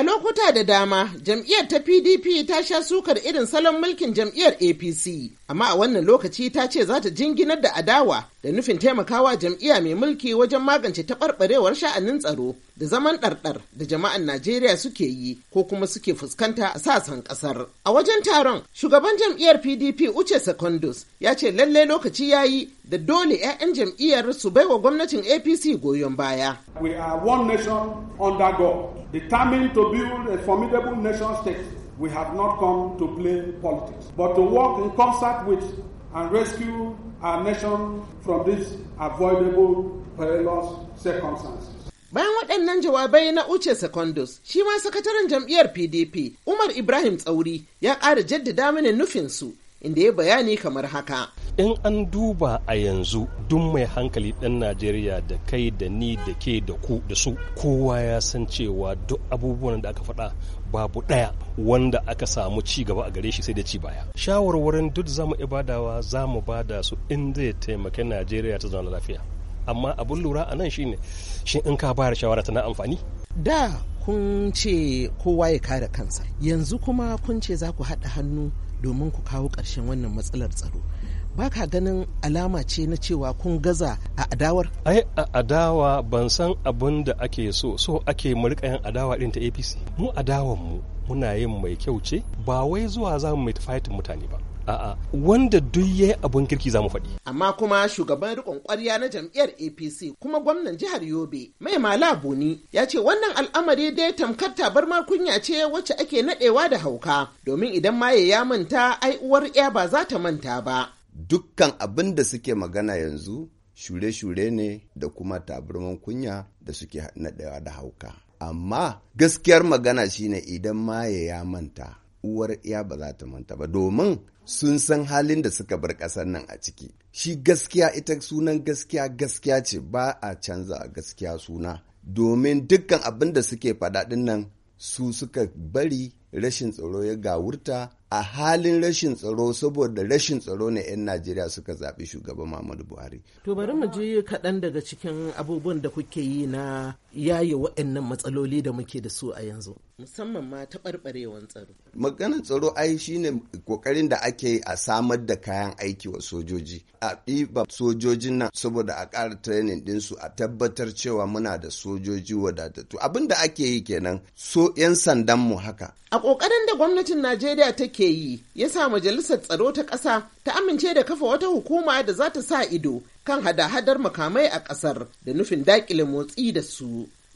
A lokuta da dama, jam'iyyar ta PDP ta sha sukar irin salon mulkin jam'iyyar APC, amma a wannan lokaci ta ce za ta jinginar da adawa da nufin taimakawa jam'iyya mai mulki wajen magance taɓarɓarewar sha'anin tsaro da zaman ɗarɗar da jama'an Najeriya suke yi ko kuma suke fuskanta a sasan ƙasar. A wajen taron, shugaban jam'iyyar PDP Uche Secondus ya ce lallai lokaci ya yi da dole 'ya'yan jam'iyyar su baiwa gwamnatin APC goyon baya. we are one nation under God, determined to build a formidable nation state. We have not come to play politics, but to work in concert with and rescue our nation from this avoidable perilous circumstances. Bayan waɗannan jawabai na Uche Secondus, shi ma sakataren jam'iyyar PDP, Umar Ibrahim Tsauri ya ƙara jaddada mana nufinsu, inda ya bayani kamar haka. in an duba a yanzu duk mai hankali ɗan najeriya da kai da ni da ke da ku da su kowa ya san cewa duk abubuwan da aka faɗa babu ɗaya wanda aka samu ci gaba a gare shi sai da ci baya shawarwarin duk zamu ibadawa za bada su in zai taimaki najeriya ta zama lafiya amma abin lura a nan shine shin in ka bayar shawara tana amfani da kun ce kowa ya kare kansa yanzu kuma kun ce za ku haɗa hannu domin ku kawo ƙarshen wannan matsalar tsaro ba ka ganin alama ce na cewa kun gaza a adawar? ai a adawa ban san abin da ake so so ake murka adawa ɗin ta apc mu adawar mu muna yin mai kyau ce ba wai zuwa za mu fight mutane ba a'a wanda duk yayi abun kirki za mu faɗi amma kuma shugaban rikon ƙwarya na jam'iyyar APC kuma gwamnan jihar Yobe mai mala Buni ya ce wannan al'amari dai tamkar tabar kunya ce wacce ake naɗewa da hauka domin idan ma ya manta ai uwar ya ba za ta manta ba dukkan abin da suke magana yanzu shure-shure ne da kuma taburman kunya da suke naɗewa da hauka. Amma gaskiyar magana shine idan maye ya manta uwar ya ba za ta manta ba domin sun san halin da suka bar ƙasar nan a ciki shi gaskiya ita sunan gaskiya gaskiya ce ba a canza gaskiya suna domin dukkan abin da suke faɗaɗin nan su suka bari rashin tsaro ya gawurta a halin rashin tsaro saboda rashin tsaro ne 'yan najeriya suka zaɓi shugaban muhammadu buhari to bari mu je kaɗan daga cikin abubuwan da kuke yi na yaye waɗannan matsaloli da muke da su a yanzu musamman ma ta taɓarɓarewan tsaro. Maganar tsaro ai shine kokarin da ake yi a samar da kayan aiki wa sojoji. A ɗiba sojojin nan saboda a ƙara training ɗinsu a tabbatar cewa muna da sojoji wadatattu. Abin da ake yi kenan so 'yan sandan mu haka. A ƙoƙarin da gwamnatin Najeriya take yi ya sa majalisar tsaro ta ƙasa ta amince da kafa wata hukuma da za ta sa ido kan hada-hadar makamai a ƙasar da nufin daƙile motsi da su.